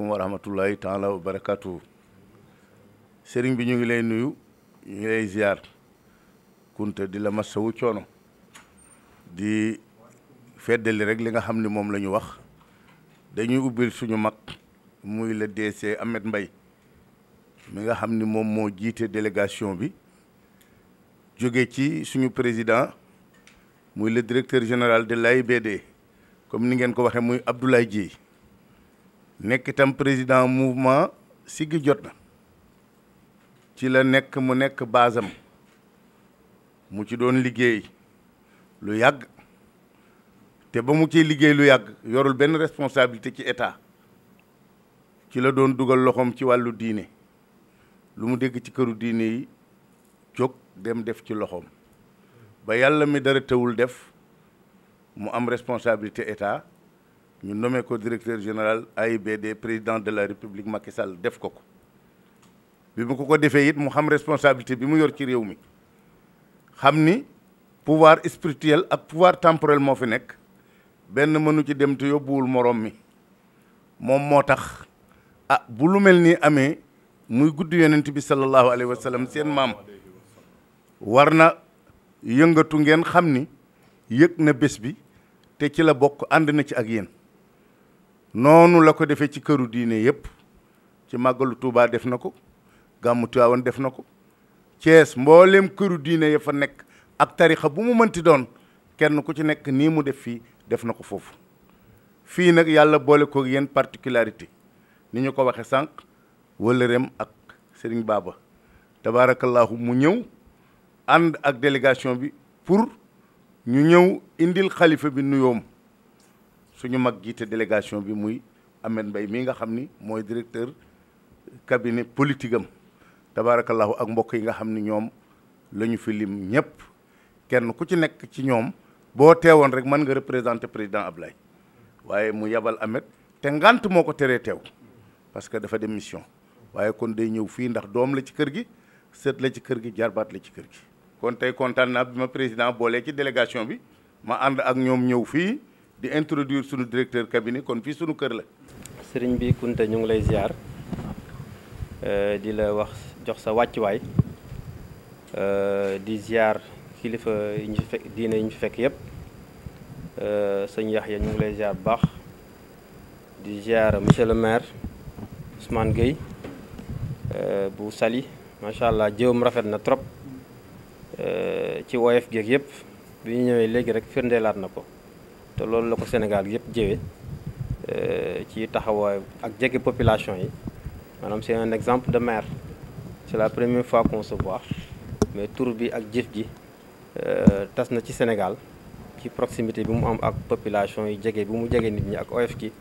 aleykum wa rahmatullahi taala wa barakatuhu sëriñ bi ñu ngi lay nuyu ñu ngi lay ziar kunte di la masawu coono di feddali rek li nga xam ni moom la ñu wax dañuy ubbil suñu mag muy le DC Ahmed mbay mi nga xam ni moom moo jiite délégation bi jóge ci suñu président muy le directeur général de la l'AIBD comme ni ngeen ko waxee muy Abdoulaye Dieye nekk itam président mouvement Siggi jot na ci la nekk mu nekk basam mu ci doon liggéey lu yàgg te ba mu ciy liggéey lu yàgg yorul benn responsabilité ci état ci la doon dugal loxoom ci wàllu diine lu mu dégg ci këru diine yi jóg dem def ci loxoom ba yàlla mi dara tewul def mu am responsabilité état ñu nommé ko directeur général AIBD président de la république Macky Sall def ko ko bi mu ko ko defee it mu xam responsabilité bi mu yor ci réew mi xam ni pouvoir spirituel ak pouvoir temporel mo fi nek ben mënu ci dem te yóbbuwul morom mi mom motax ah bu lu mel amé muy gudd yonent bi sallallahu alayhi wa sallam mam. Warna war yëngatu ngeen xam ni yëg na bés bi te ci la bokk ànd na ci ak yéen noonu la ko defee ci këru diine yëpp ci màggalu Touba def na ko gàmmu Tiwaawan def na ko cees mbooleem këru diine ya fa nekk ak tarixa bu mu mënti doon kenn ku ci nekk nii mu def fii def na ko foofu fii nag yàlla boole ko yenn particularité ni ñu ko waxe sànq wala ak Serigne Baba tabaarakallaahu mu ñëw ànd ak délégation bi pour ñu ñëw indil xalifa bi nuyoom suñu mag giite délégation bi muy Ahmed mbay mii nga xam ni mooy directeur cabinet politique am tabaarakallahu ak mbokk yi nga xam ni ñoom la ñu fi lim ñëpp kenn ku ci nekk ci ñoom boo teewoon rek mën nga représenter président Ablaye waaye mu yabal Ahmed te ngant moo ko teree teew parce que dafa dem mission waaye kon day ñëw fii ndax doom la ci kër gi sët la ci kër gi jarbaat la ci kër gi kon tey kontaan naa bi ma président boolee ci délégation bi ma ànd ak ñoom ñëw fii di introduire suñu directeur cabinet kon fii suñu kër la. sëriñ bi Kunta ñu ngi lay ziar euh, di la wax jox sa wàccuwaay euh, di ziar kilifa yi ñu fekk diine yi ñu fekk yëpp euh, sëñ Yaxya ñu ngi lay ziar bu baax di ziar monsieur le maire Ousmane Gueye bu sali macha allah jëwam rafet na trop ci woyof geeg yëpp bi ñu ñëwee léegi rek firndeelaat na ko. te loolu la ko Sénégal yëpp jëwee euh, ci taxawaay ak jege population yi maanaam c'est un exemple de maire c'est la première fois qu'on se voit mais tur bi ak jëf ji euh, tas na ci Sénégal ci proximité bi mu am ak population yi jege bi mu jege nit ñi ak OF ki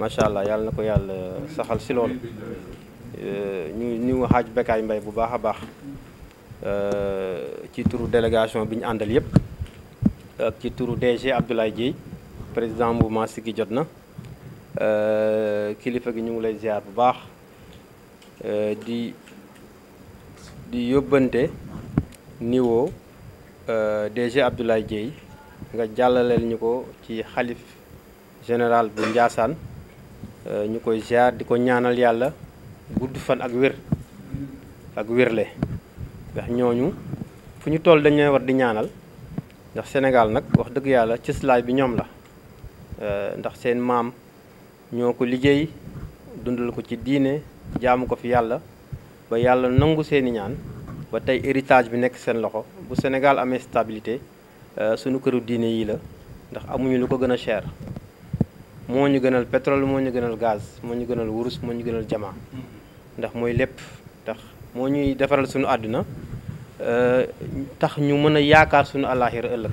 macha allah yàlla na ko yàlla saxal si loolu euh, ñu ñu xaaj Bécaye Mbaye bu baax a baax ci turu délégation bi ñu àndal yëpp ak ci turu DG Abdoulaye Dieye président mouvement Siggi jot na euh, kilifa gi ñu ngi lay ziar bu baax euh, di di yóbbante niveau euh, DG Abdoulaye Dièye nga jàllaleel ñu ko ci xalif général bu njaasaan ñu koy ziar di ko ñaanal yàlla gudd fan ak wér ak wérle ndax ñooñu fu ñu toll dañu war di ñaanal ndax Sénégal nag wax dëgg yàlla cëslaay bi ñoom la Euh, ndax seen maam ñoo ko liggéey dundal ko ci diine jaamu ko fi yàlla ba yàlla nangu seeni ñaan ba tey héritage bi nekk seen loxo bu Sénégal amee stabilité euh, sunu këru diine yii la ndax amuñu lu ko gën a cher moo ñu gënal pétrole moo ñu gënal gaz moo ñu gënal wurus moo ñu gënal jamaa ndax mooy lépp ndax moo ñuy defaral sunu àdduna euh, tax ñu mën a yaakaar sunu àllaaxira ëllëg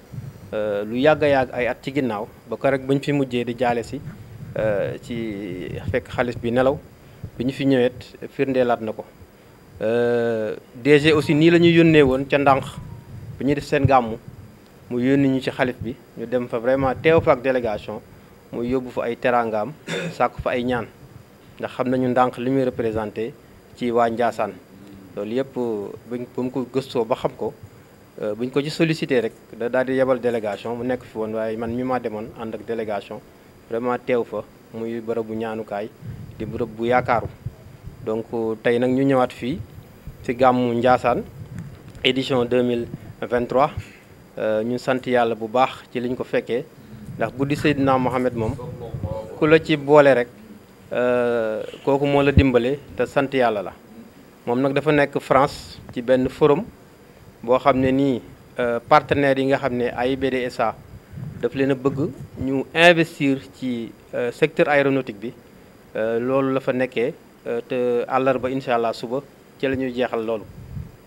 Euh, lu yàgg a yàgg ay at ci ginnaaw ba ko rek bañ fi mujjee di jaale si euh, ci fekk xalis bi nelaw bi ñu fi ñëwet firndeelaat na ko euh, DG aussi nii la yónnee woon ca ndànk bi ñu def seen gàmmu mu yónni ñu ci xalif bi ñu dem fa vraiment teew fa ak délégation muy yóbbu fa ay teraangam sàkku fa ay ñaan ndax xam nañu ndànk li muy représenté ci waa Njaasaan loolu yëpp bañ ba mu ko gëstoo ba xam ko Euh, bu ñu ko ci sollicité rek da daal di yebal délégation mu nekk fi woon waaye man mi maa demoon ànd ak délégation vraiment teew fa muy bërëb bu ñaanukaay di bërëb bu yaakaaru donc tey nag ñu ñëwaat fii ci gàmmu Ndiassane édition 2023 euh, ñu sant yàlla bu baax ci liñ ko fekkee ndax guddi Seydina Mohamed moom ku la ci boole rek euh, kooku moo la dimbale te sant yàlla la moom nag dafa nekk France ci benn forum boo xam ne nii euh, partenaires yi nga xam ne AIBD SA daf leen a bëgg ñu investir ci euh, secteur aéronautique bi euh, loolu la fa nekkee te àllarba incha allah suba ci la ñuy jeexal loolu.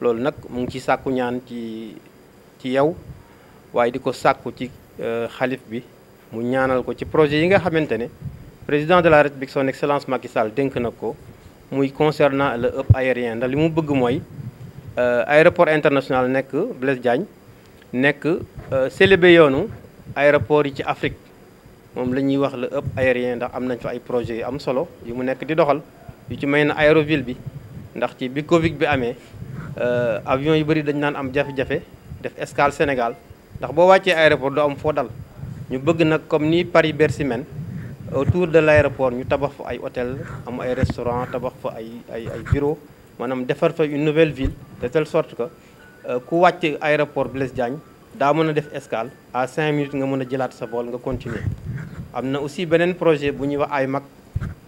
loolu nag mu ngi ci sàkku ñaan ci ci yow waaye di ko sàkku ci xalif bi mu ñaanal ko ci projet yi nga xamante ne président de la république son excellence Macky dénk na ko muy concernant la ëpp aérien ndax li mu bëgg mooy. Euh, aéroport international nekk Blaise Diagne nekk célébé euh, yoonu aéroport yi ci Afrique moom la ñuy wax la ëpp aérien ndax am nañ fa ay projets yu am solo yu mu nekk di doxal yu ci may na aéroville bi ndax ci bi Covid bi amee euh, avion yu bëri dañ naan am jafe-jafe def escale Sénégal ndax boo wàccee aéroport doo am foo dal ñu bëgg nag comme ni Paris Bercy men autour de l' aéroport ñu tabax fu ay hôtel am ay restaurant tabax fa ay ay ay bureau manam defar fa une nouvelle ville de telle sorte que euh, ku wacc aéroport Blaise Diagne da mëna def escale à cinq minutes nga mëna jëlat sa vol nga continuer amna aussi benen projet bu ñu wax ay mag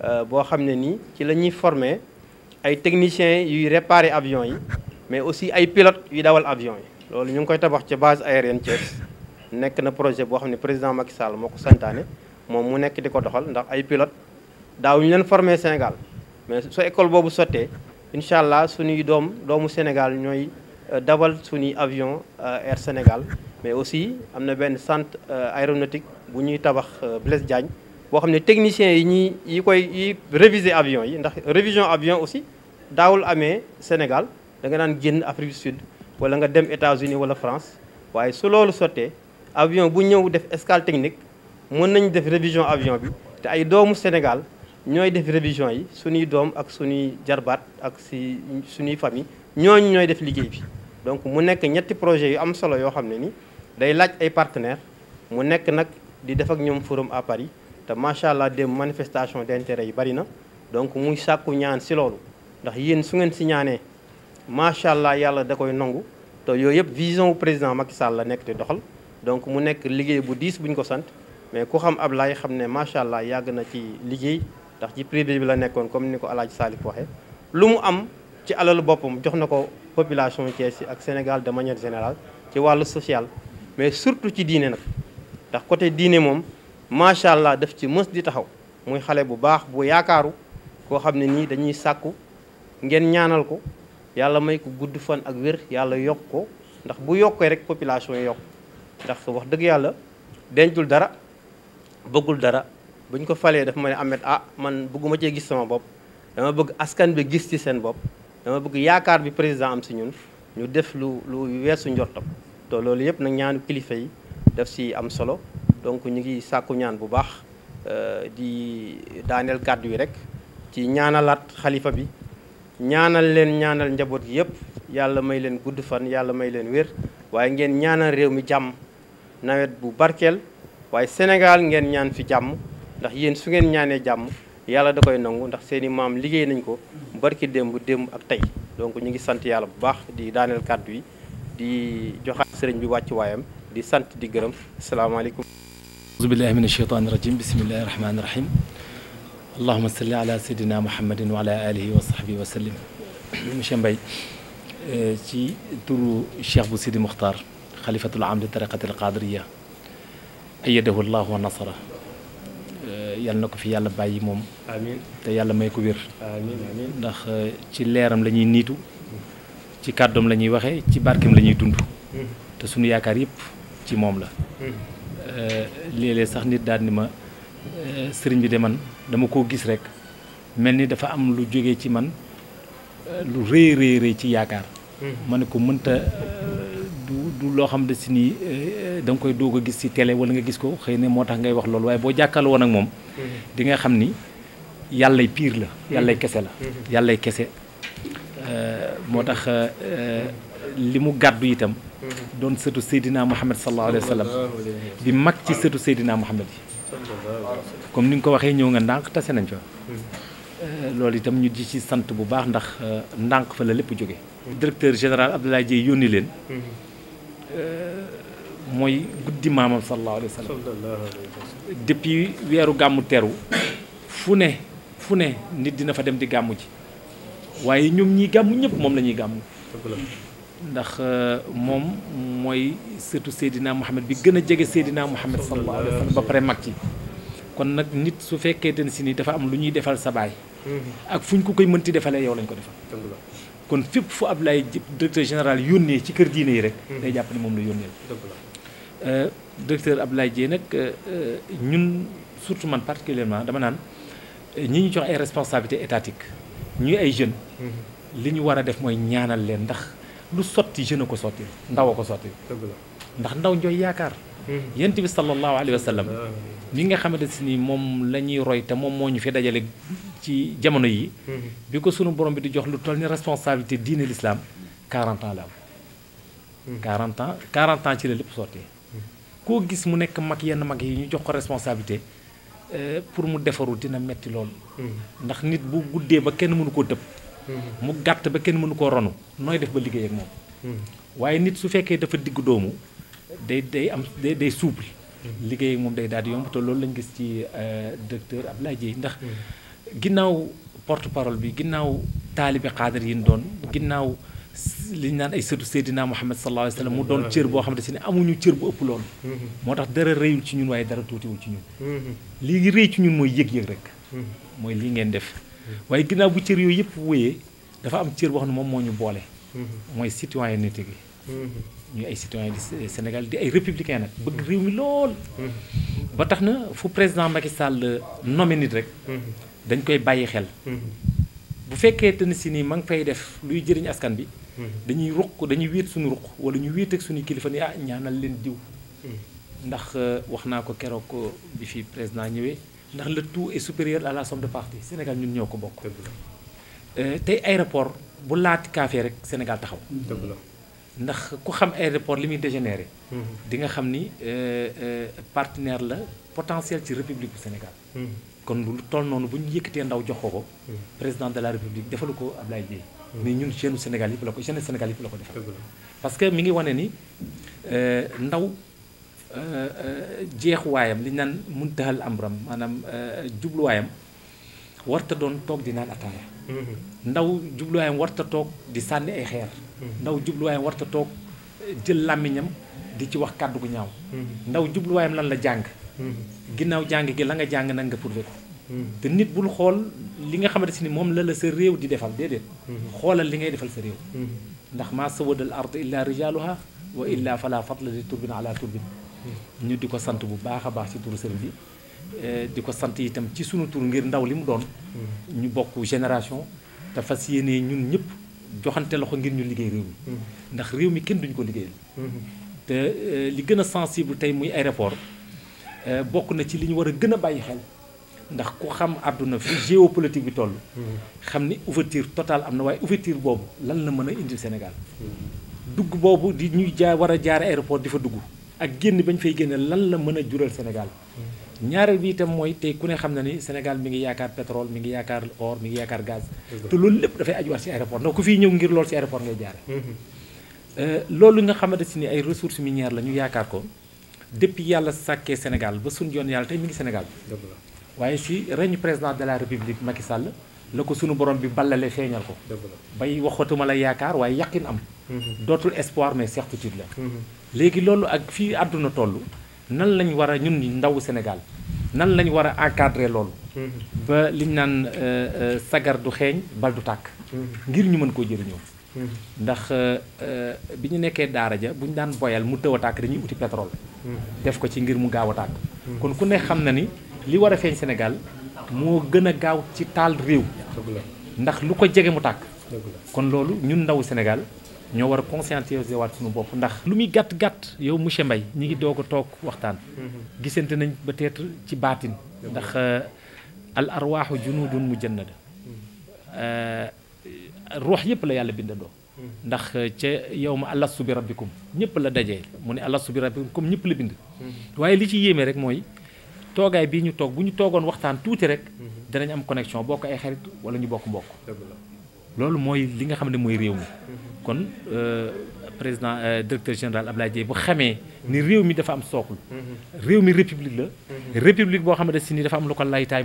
euh, bo xamné ni ci lañuy former ay techniciens yu réparer avion yi mais aussi ay pilotes yu dawal avion yi loolu ñu koy tabax ci base aérienne ci nek na projet bo xamné président Macky Sall moko santané mom mu nek diko doxal ndax ay pilotes daaw ñu leen former Sénégal mais su école bobu soté incha allah suñuy doom doomu Sénégal ñoy euh, dawal suñuy avion euh, Air Sénégal mais aussi amna na benn centre euh, aéronautique bu ñuy tabax bless Diagne bo xamné technicien techniciens yi ñi yi koy réviser avion yi ndax révision avion aussi dawul amé Sénégal da nga daan génn Afrique du Sud wala nga dem États-Unis wala France waye su loolu soté avion bu ñew def escale technique mën nañ def révision avion bi té ay doomu Sénégal ñooy def révision yi suñuy doom ak suñuy jarbaat ak si suñuy famille ñooñu ñooy def liggéey bi donc mu nekk ñetti projet yu am solo yoo xam ne ni day laaj ay partenaires mu nekk nag di def ak ñoom forum à Paris te macha allah dem manifestation d'intérêt yi bari na donc muy sàkku ñaan si loolu ndax yéen su ngeen si ñaanee macha allah yàlla da koy nangu te yooyu yëpp vision président Macky Sall la nekk di doxal donc mu nekk liggéey bu diis buñ ko sant mais ku xam Ablaye xam ne macha allah yàgg na ci liggéey ndax ci privé bi la nekkoon comme ni ko El Hadj Salif waxee lu mu am ci alalu boppam jox na ko population Thiès yi ak Sénégal de manière général ci wàllu social mais surtout ci diine nag ndax côté diine moom macha allah def ci mës di taxaw muy xale bu baax bu yaakaaru koo xam ne nii dañuy sàkku ngeen ñaanal ko yàlla may ko gudd fan ak wér yàlla yokk ko ndax bu yokkee rek population yi yokk ndax wax dëgg yàlla dencul dara bëggul dara. buñ ko falé dafa ma amet Ahmed ah man bëgguma ci gis sama bop dama bëgg askan bi gis ci sen bop dama bëgg yaakar bi président am ci ñun ñu def lu lu wessu njortam to lolu yëpp nak ñaanu kilifa yi daf ci am solo donc ñu ngi sàkku ñaan bu baax euh, di Daniel kàddu yi rek ci ñaanalat khalifa bi ñaanal leen ñaanal njabot gi yëpp yalla may leen gudd fan yalla may leen wër waye ngeen ñaanal réew mi jam nawet bu barkel waye senegal ngeen ñaan fi jam ndax yéen su ngeen ñaanee jàmm yàlla da koy nangu ndax seeni maam liggéey nañ ko barki démb démb ak tey donc ñu ngi sant yàlla bu baax di daaneel kàddu yi di joxaat sëriñ bi wàcc waayam di sant di gërëm asalaamaaleykum auzu billahi min asheytaani rajim bismillahi rahmaani rahim allahuma salli ala sayidina muhammadin wa ala alihi wa sahbihi wa sallim monsieur Mbaye euh, ci turu cheikh bu Sidi Muxtaar xalifatul am di tariqatil qaadiriya ayadahu llahu wa nasara yal na ko fi yàlla bàyyi moom. amiin te yàlla may ko wér. ndax euh, ci leeram la ñuy niitu ci kàddoom la ñuy waxee ci barkeem la ñuy dund. Hmm. te sunu yaakaar yëpp ci moom la. Hmm. Euh, léeg-léeg sax nit daal ni ma euh, sëriñ bi de man dama koo gis rek mel ni dafa am lu jóge ci man lu rëy rëy ci yaakaar. Hmm. ma ne ko mënta du du loo xam ne si nii. da nga koy doo a gis ci télé wala nga gis ko xëy ne moo tax ngay wax loolu waaye boo jàkkaarloo woon ak moom mm-hmm. di nga xam ni yàllay piir la mm-hmm. yàllay kese la mm-hmm. yàllay kese euh, moo tax euh, li mu gàddu itam doon sëtu Seydina Muhammad sallallahu alayhi wa bi di mag ci sëtu Seydina Muhammad yi comme ni nga ko waxee ñëw nga ndànk tase nañ fa euh, loolu itam ñu di ci sant bu baax ndax ndànk fa la lépp jóge directeur général Abdoulaye Dieye yónni leen mooy guddi maamam sallallahu alayhi wa sallam depuis weeru gàmmu teru fu ne fu ne nit dina fa dem di gàmmu ji waaye ñoom ñi gàmmu ñëpp moom la ñuy gàmmu ndax euh, moom mooy surtout Seydina Mouhamed bi gën a jege Seydina Mouhamed sallallahu alayhi wa ba pare mag ci kon nag nit su fekkee den si ni dafa am lu ñuy defal sa baay mm-hmm. ak fu ñu ko koy mënti defalee yow lañ ko defal kon fépp fu Ablaye directeur général yónnee ci kër diine yi rek mm-hmm. day jàpp moom la yónnee Euh, directeur Abdoulaye Dièye nag euh, euh, ñun surtout man particulièrement dama naan ñi ñu jox ay responsabilités étatique ñuy ay jeunes. Mm-hmm. li ñu war a def mooy ñaanal leen ndax lu sotti jeune a ko sotti ndaw a ko sotti. ndax ndaw njooy yaakaar. Mm-hmm. yent bi sallallahu alayhi yi sallam mi nga xamante si ni moom la ñuy roy te moom moo ñu fi dajale ci jamono yi. Mm-hmm. bi ko sunu borom bi di jox lu toll ni responsabilité diine l'islam 40 ans la am. 40 ans ci la lépp sotti. koo gis mu nekk mag yenn mag yi ñu jox ko responsabilité euh, pour mu defaru dina metti lool. Mm-hmm. ndax nit bu guddee ba kenn mënu koo tëb. Mm-hmm. mu gàtt ba kenn mënu koo ronu nooy def ba liggéey ak moom. Mm-hmm. waaye nit su fekkee dafa diggu doomu day day am day day souple. liggéey ak moom day daal di yomb loolu lañ gis ci euh, directeur Abdoulaye Dièye ndax. ginnaaw porte parole bi ginnaaw taalibe xaadar yi ñu doon ginnaaw. li ñu naan ay sëtu Seydina Muhammad sallallahu alayhi wa sallam mu doon cër boo xamante ne amuñu cër bu ëpp loolu. Mm-hmm. moo tax dara rëyul ci ñun waaye dara tuutiwul ci ñun. Mm-hmm. lii rëy ci ñun mooy yëg-yëg rek. Mm-hmm. mooy lii ngeen def waaye ginnaaw bu cër yooyu yëpp wéyee dafa am cër boo xam ne moom moo ñu boole. mooy citoyenneté gi. ñuy ay citoyen di Sénégal di ay républicain nag bëgg réew mi lool. ba tax na fu président Macky Sall nommé nit rek. dañ koy bàyyi xel. bu fekkee ne si nii ma ngi fay def luy jëriñ askan bi dañuy ruq dañuy wéet suñu ruq wala ñu wéet ak suñu kilifa ni ah ñaanal leen diw ndax euh, wax naa ko keroog bi fi président ñëwee ndax le tout et supérieur à la somme de parti Sénégal ñun ñoo ko bokk euh, tey aéroport bu laati kaafee rek Sénégal taxaw ndax ku xam aéroport li muy dégénéré di nga xam ni euh, partenaire la potentiel ci république bu Sénégal kon lu tol noonu bu ñu ndaw joxoko ko hmm. président de la république defalu ko Ablaye Dièye hmm. mais ñun chenu Sénégal yi la ko jeune Sénégal yi la ko defal parce que mi ngi wane ni euh, ndaw euh, euh, wayam li naan muntahal amram djublu wayam warta don tok di nan ataya hmm. ndaw wayam warta tok di sanni ay xéer ndaw wayam warta tok jël lamiñam di ci wax nyau. gu ñaaw ndaw wayam lan la jang ginnaaw jàng gi la nga jàng nag nga prouvé ko hmm. te nit bul xool li nga xamante ni moom la la sa réew di defal déedéet hmm. xoolal li ngay defal sa réew hmm. ndax maa sawadal ard illa wa illa fala fadla li turbin ala turbin ñu di ko sant bu baax a baax ci turu sëriñ bi eh, di ko sant itam ci sunu tur ngir ndaw li mu doon ñu bokk génération te fas yéene ñëpp joxante loxo ngir ñu liggéey réew mi ndax réew mi kenn duñu ko liggéeyal te eh, li gën a sensible tey muy aéroport Euh, bokk na ci li ñu war a gën a bàyyi xel ndax ku xam àdduna fi géopolitique bi toll. xam ni ouverture totale am na waaye ouverture boobu lan la mën a indi Sénégal. dugg boobu di ñuy jaar war a jaar aéroport di fa dugg. ak génn bañ fay génne lan la mën a jural Sénégal. ñaareel bi itam mooy tey ku ne xam na ni Sénégal mi ngi yaakaar pétrole mi ngi yaakaar or mi ngi yaakaar gaz. te loolu lépp dafay ajuwaat si aéroport ndax ku fiy ñëw ngir loolu si aéroport ngay jaare mm-hmm. euh, loolu nga xamante si ni ay ressources minières la ñu yaakaar depuis yàlla sàkkee Sénégal ba suñu yoon yàlla tey mi ngi Sénégal waaye si règne président de la république Macky Sall la ko suñu borom bi ballale feeñal ko bay waxatuma la yaakaar waaye yàqin am mm-hmm. dootul espoir mais certitude la mm-hmm. léegi loolu ak fii àdduna toll nan lañ war a ñun ndawu Sénégal nan lañ war a encadrer loolu mm-hmm. ba liñ naan euh, euh, sagar du xeeñ bal du tàkk ngir ñu mën koo jëriñoo ndax euh, euh, bi ñu nekkee daara ja bu ñu daan boyal mu tëw a tàkk dañuy uti pétrole. def ko ci ngir mu gaaw a tàkk. kon ku ne xam na ni li war a feeñ senegal moo gën a gaaw ci taal réew. ndax lu ko jege mu tàkk. kon loolu ñun ndawu senegal ñoo war a conscientiser waat suñu bopp ndax. lu muy gàtt gàtt yow monsieur Mbaye ñi ngi doog a toog waxtaan. Mm-hmm. gisante nañ peut-être ci baatin. ndax euh, al arwaaxu junudun mujannada mm-hmm. ruux yëpp la yàlla bindandoo hmm. ndax eh, ca yow ma alastu bi rabbikum ñëpp la dajee mu ne alastu bi rabbikum comme ñëpp la bind hmm. waaye li ci yéeme rek mooy toogaay bi ñu toog bu ñu toogoon waxtaan tuuti rek hmm. danañ am connexion bokk ay xarit wala ñu bokk mbokk loolu mooy li nga xam ne mooy réew mi kon euh, président euh, directeur général Abdoulaye Dièye bu xamee ni réew mi dafa am sookul réew mi république la république boo xam ne si ni dafa am lu ko laytaay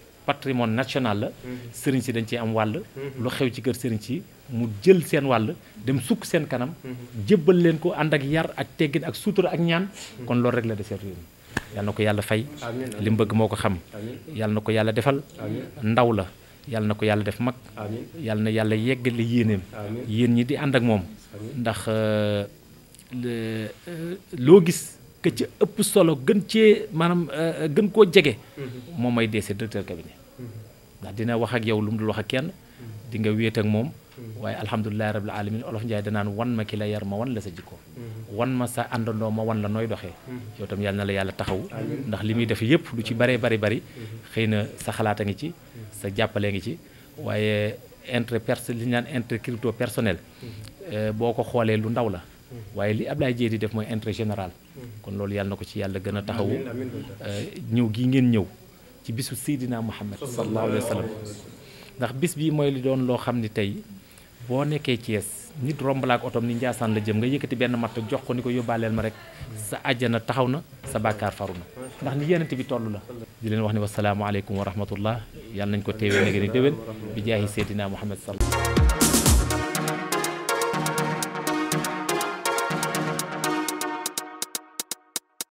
patrimoine national la mm-hmm. sëriñ si dañ ciy am wàll mm-hmm. lu xew ci kër sëriñ si mu jël seen wàll dem sukk seen kanam mm-hmm. jébbal leen ko ànd ak yar ak teggin ak suutura ak ñaan kon loolu rek la de seet yàlla na ko yàlla fay li mbëgg moo ko xam yàlla na ko yàlla defal ndaw la yàlla na ko yàlla def mag yàlla na yàlla yeggale yéeneem yéen ñi di ànd ak moom ndax euh, euh, loo gis que ci ëpp solo gën cee maanaam euh, euh, gën koo jege. Mm-hmm. moom may dese directeur cabinet mm-hmm. ndax dina wax ak yow lu mu dul wax ak kenn. Mm-hmm. di nga wéet ak moom. waaye alhamdulilah rabil alamin olof Ndiaye danaan wan ma ki la yar ma wan la sa jikko. wan ma sa àndandoo ma wan la nooy doxe yow tam yàlla na la yàlla taxaw ndax li muy def yëpp lu ci baree bari bari. xëy na sa xalaat a ngi ci. sa jàppalee ngi ci waaye intre pers li ñu naan intre crypto personnel. Euh, boo ko xool lu ndaw la. waaye li Ablaye Dieye di def mooy intérêt général kon loolu yàlla na ko ci yàlla gën a taxawu euh, ñëw gi ngeen ñëw ci bisu Seydina Muhammad sallallahu alayhi wa sallam ndax bis bi mooy li doon loo xam ni tey boo nekkee Thiès nit rombalaak otom ni Ndiassane la jëm nga yëkkati benn matt jox ko ni ko yóbbaaleel ma rek sa àjjana taxaw na sa bàkkaar faru na ndax ni yenente bi toll la di leen wax ni wasalaamualeykum wa rahmatullah yàlla nañ ko téewee na gën a déwén bi